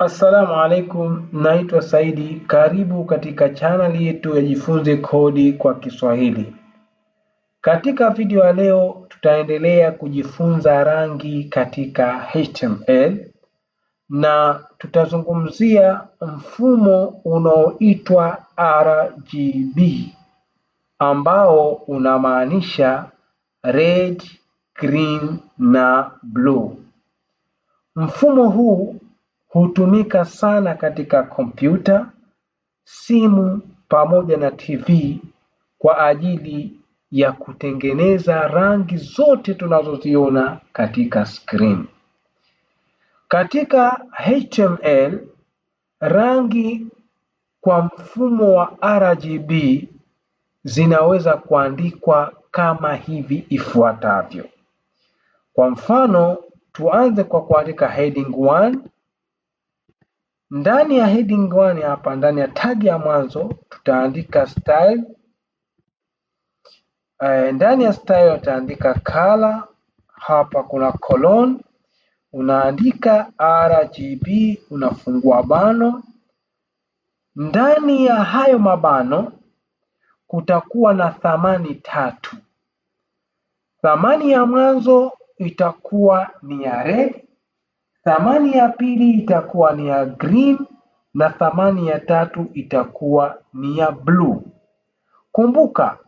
Assalamu alaikum, naitwa Saidi. Karibu katika chaneli yetu ya Jifunze Kodi kwa Kiswahili. Katika video ya leo tutaendelea kujifunza rangi katika HTML na tutazungumzia mfumo unaoitwa RGB ambao unamaanisha red, green na blue. Mfumo huu Hutumika sana katika kompyuta, simu pamoja na TV kwa ajili ya kutengeneza rangi zote tunazoziona katika screen. Katika HTML rangi kwa mfumo wa RGB zinaweza kuandikwa kama hivi ifuatavyo. Kwa mfano, tuanze kwa kuandika heading ndani ya heading 1 hapa, ndani ya tag ya mwanzo tutaandika style. Uh, ndani ya style utaandika color. Hapa kuna colon, unaandika RGB, unafungua bano. Ndani ya hayo mabano kutakuwa na thamani tatu. Thamani ya mwanzo itakuwa ni ya red Thamani ya pili itakuwa ni ya green na thamani ya tatu itakuwa ni ya bluu. Kumbuka,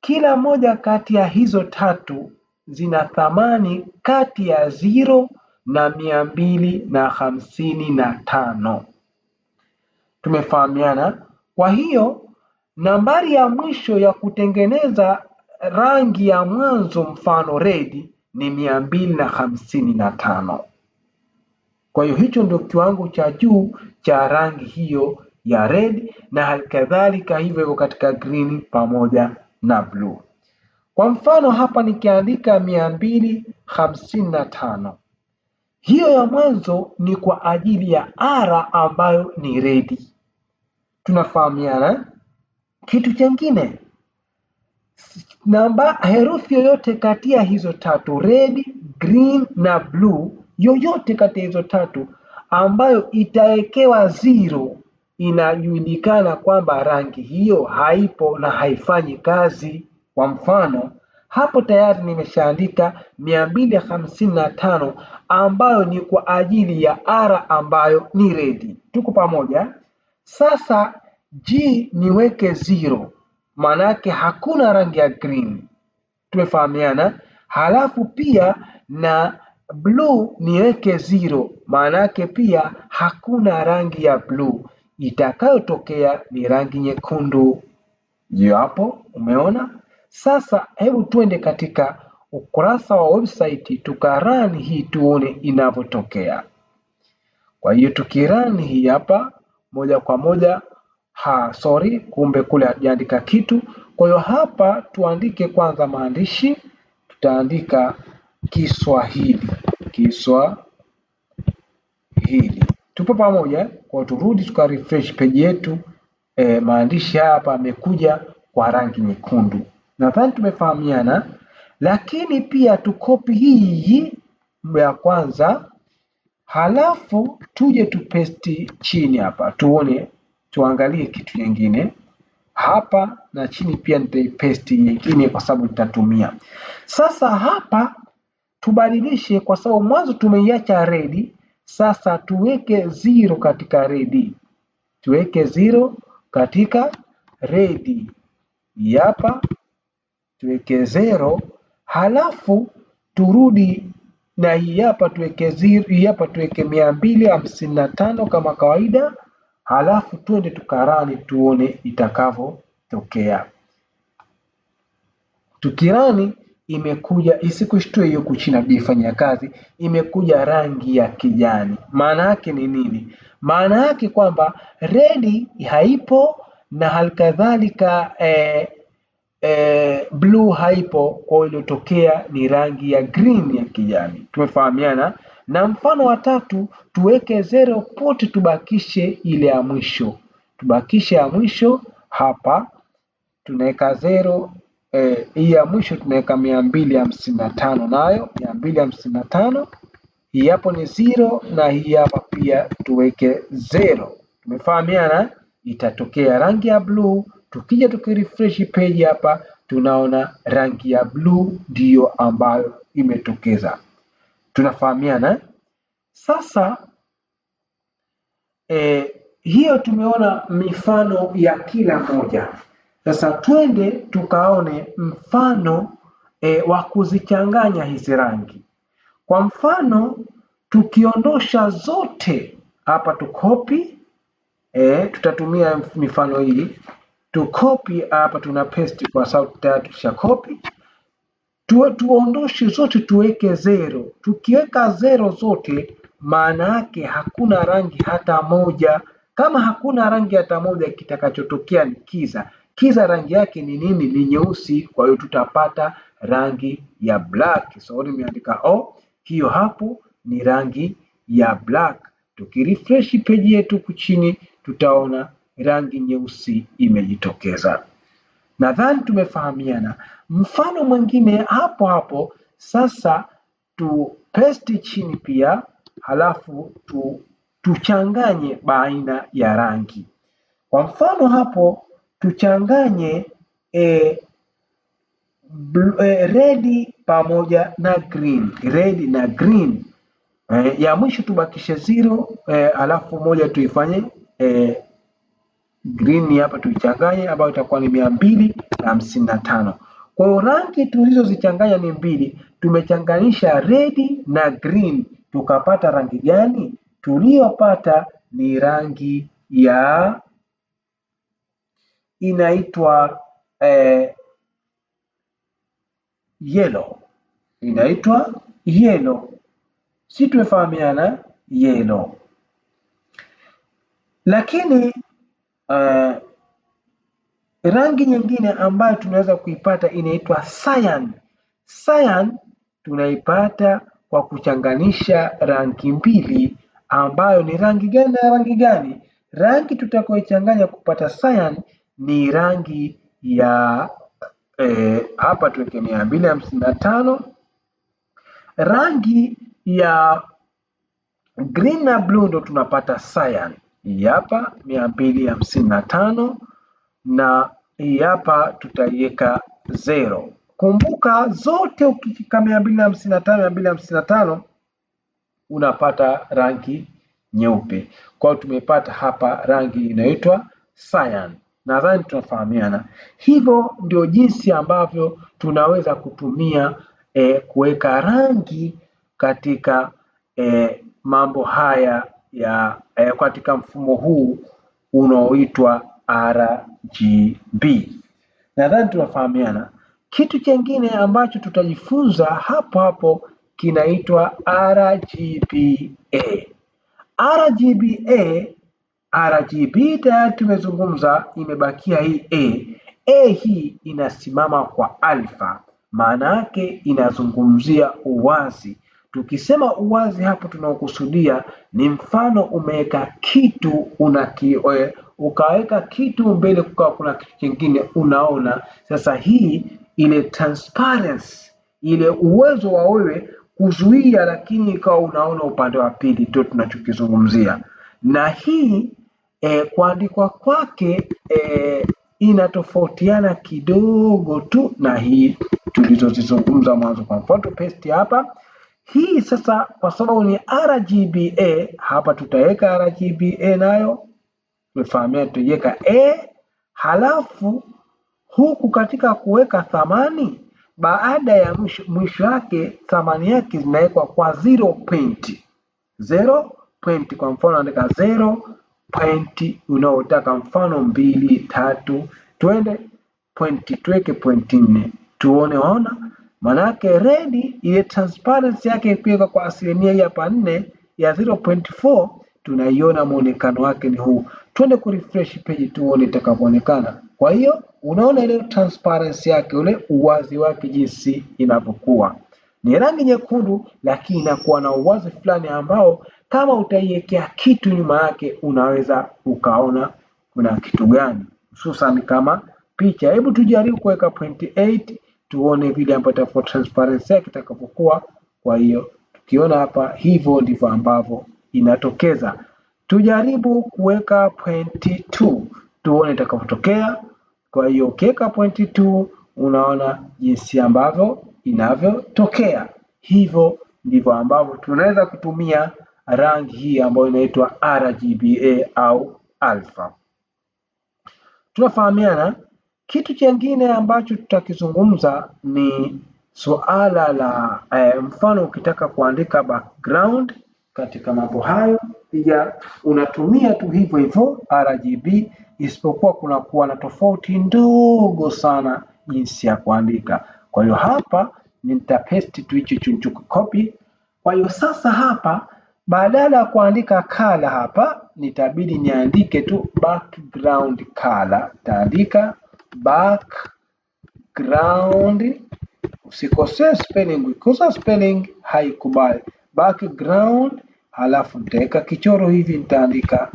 kila moja kati ya hizo tatu zina thamani kati ya zero na mia mbili na hamsini na tano. Tumefahamiana? Kwa hiyo nambari ya mwisho ya kutengeneza rangi ya mwanzo, mfano redi, ni mia mbili na hamsini na tano. Kwa hiyo hicho ndio kiwango cha juu cha rangi hiyo ya red, na halikadhalika hivyo hivyo katika green pamoja na bluu. Kwa mfano hapa nikiandika mia mbili hamsini na tano hiyo ya mwanzo ni kwa ajili ya R ambayo ni redi. Tunafahamiana. Kitu chengine namba, herufi yoyote kati ya hizo tatu red, green na blue yoyote kati ya hizo tatu ambayo itawekewa zero, inajulikana kwamba rangi hiyo haipo na haifanyi kazi. Kwa mfano hapo tayari nimeshaandika mia mbili hamsini na tano ambayo ni kwa ajili ya R ambayo ni redi. Tuko pamoja? Sasa G niweke zero, maanake hakuna rangi ya green. Tumefahamiana. Halafu pia na bluu niweke zero, maanake pia hakuna rangi ya bluu, itakayotokea ni rangi nyekundu. Hiyo hapo umeona. Sasa hebu tuende katika ukurasa wa website tukarani hii tuone inavyotokea. Kwa hiyo tukirani hii hapa moja kwa moja ha, sorry, kumbe kule hatujaandika kitu. Kwa hiyo hapa tuandike kwanza maandishi, tutaandika Kiswahili Kiswahili. Tupo pamoja kwa, turudi tuka refresh page yetu. E, maandishi hapa amekuja kwa rangi nyekundu, nadhani tumefahamiana, lakini pia tukopi hii ya kwanza, halafu tuje tupesti chini hapa, tuone tuangalie kitu kingine hapa na chini pia nitaipaste nyingine kwa sababu nitatumia sasa hapa tubadilishe kwa sababu mwanzo tumeiacha redi, sasa tuweke zero katika redi, tuweke zero katika redi hapa, tuweke zero, halafu turudi na hii hapa tuweke zero, hii hapa tuweke mia mbili hamsini na tano kama kawaida, halafu twende tukarani tuone itakavyotokea tukirani imekuja isikushtue hiyo kuchina difanya kazi, imekuja rangi ya kijani. Maana yake ni nini? Maana yake kwamba redi haipo na halikadhalika eh, eh, blue haipo, kwa iliyotokea ni rangi ya green ya kijani. Tumefahamiana? Na mfano wa tatu tuweke zero pote, tubakishe ile ya mwisho, tubakishe ya mwisho hapa tunaweka zero hii eh, hii ya mwisho tunaweka mia mbili hamsini na tano nayo mia mbili hamsini na tano hii hapo ni zero na hii hapa pia tuweke zero. Tumefahamiana, eh? itatokea rangi ya bluu. Tukija tukirefresh page hapa, tunaona rangi ya bluu ndiyo ambayo imetokeza. Tunafahamiana eh? sasa. e, hiyo tumeona mifano ya kila moja. Sasa twende tukaone mfano e, wa kuzichanganya hizi rangi. Kwa mfano tukiondosha zote hapa, tukopi e, tutatumia mifano hii, tukopi hapa, tuna paste kwa sababu tayari tusha copy tu, tuondoshe zote tuweke zero. Tukiweka zero zote, maana yake hakuna rangi hata moja. Kama hakuna rangi hata moja, kitakachotokea ni kiza. Kiza rangi yake ni nini? Ni nyeusi, kwa hiyo tutapata rangi ya black. So nimeandika o, oh, hiyo hapo ni rangi ya black. Tukirefresh peji yetu kuchini tutaona rangi nyeusi imejitokeza. Nadhani tumefahamiana. Mfano mwingine hapo hapo, sasa tu paste chini pia, halafu tu tuchanganye baina ya rangi. Kwa mfano hapo tuchanganye e, e, red pamoja na green, red na green e, ya mwisho tubakishe zero e, alafu moja tuifanye e, green hapa tuichanganye, ambayo itakuwa ni mia mbili na hamsini na tano. Kwa hiyo rangi tulizozichanganya ni mbili, tumechanganisha redi na green, tukapata rangi gani? Tuliyopata ni rangi ya inaitwa eh, yellow, inaitwa yellow. Si tumefahamiana yellow, lakini eh, rangi nyingine ambayo tunaweza kuipata inaitwa cyan. Cyan tunaipata kwa kuchanganisha rangi mbili ambayo ni rangi gani na rangi gani? Rangi tutakayoichanganya kupata cyan ni rangi ya eh, hapa tuweke mia mbili hamsini na tano rangi ya green na blue ndo tunapata cyan. Hii hapa mia mbili hamsini na tano na hii hapa tutaiweka zero. Kumbuka zote ukifika mia mbili hamsini na tano mia mbili hamsini na tano unapata rangi nyeupe. Kwa hiyo tumepata hapa rangi inaitwa cyan nadhani tunafahamiana. Hivyo ndio jinsi ambavyo tunaweza kutumia e, kuweka rangi katika e, mambo haya ya e, katika mfumo huu unaoitwa RGB. Nadhani tunafahamiana. Kitu kingine ambacho tutajifunza hapo hapo kinaitwa RGBA. RGBA RGB tayari tumezungumza, imebakia hii A. A hii inasimama kwa alfa, maana yake inazungumzia uwazi. Tukisema uwazi hapo tunaokusudia ni mfano umeweka kitu unaki, e, ukaweka kitu mbele, kukawa kuna kitu kingine unaona. Sasa hii ile transparency, ile uwezo wa wewe kuzuia, lakini ikawa unaona upande wa pili, ndio tunachokizungumzia na hii e, kuandikwa kwake e, inatofautiana kidogo tu na hii tulizozizungumza mwanzo. Kwa mfano paste hapa hii sasa, kwa sababu ni RGBA hapa tutaweka RGBA nayo, tumefahamia tutaiweka A. Halafu huku katika kuweka thamani, baada ya mwisho wake thamani yake zinawekwa kwa 0.0 point. Kwa mfano andika pointi unaotaka mfano mbili tatu twende pointi tuweke pointi nne tuone waona manake redi ile transparency yake ikiweka kwa asilimia hii hapa nne ya 0.4 tunaiona mwonekano wake ni huu twende ku refresh page tuone itakavyoonekana kwa hiyo unaona ile transparency yake ule uwazi wake jinsi inavyokuwa ni rangi nyekundu lakini inakuwa na uwazi fulani ambao kama utaiwekea kitu nyuma yake, unaweza ukaona kuna kitu gani, hususan kama picha. Hebu tujaribu kuweka point 8 tuone vile ambayo itakuwa transparency kitakapokuwa. Kwa hiyo tukiona hapa, hivyo ndivyo ambavyo inatokeza. Tujaribu kuweka point 2 tuone itakapotokea. Kwa hiyo ukiweka point 2 unaona jinsi ambavyo inavyotokea. Hivyo ndivyo ambavyo tunaweza kutumia rangi hii ambayo inaitwa RGBA au alpha. Tunafahamiana. Kitu chengine ambacho tutakizungumza ni suala la eh, mfano ukitaka kuandika background katika mambo hayo pia unatumia tu hivyo hivyo RGB, isipokuwa kuwa na tofauti ndogo sana jinsi ya kuandika. Kwa hiyo hapa nitapaste tu hicho copy. Kwa hiyo sasa hapa badala ya kuandika color hapa nitabidi niandike tu background color. Taandika background, usikosee spelling. Ukikosa spelling haikubali. Background, halafu nitaweka kichoro hivi, nitaandika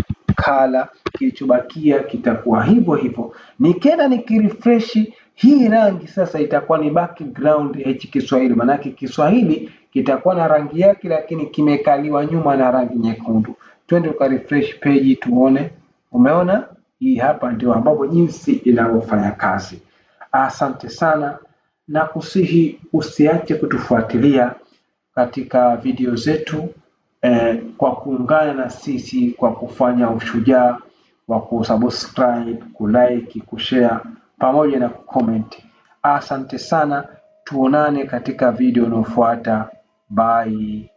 color. Kilichobakia kitakuwa hivyo hivyo. Nikienda nikirefreshi hii rangi sasa itakuwa ni background ya hichi Kiswahili, maanake Kiswahili kitakuwa na rangi yake, lakini kimekaliwa nyuma na rangi nyekundu. Twende uka refresh page tuone. Umeona, hii hapa ndio ambapo jinsi inavyofanya kazi. Asante sana na kusihi usiache kutufuatilia katika video zetu eh, kwa kuungana na sisi kwa kufanya ushujaa wa kusubscribe, kulike, kushare pamoja na kukomenti. Asante sana, tuonane katika video inayofuata. Bye.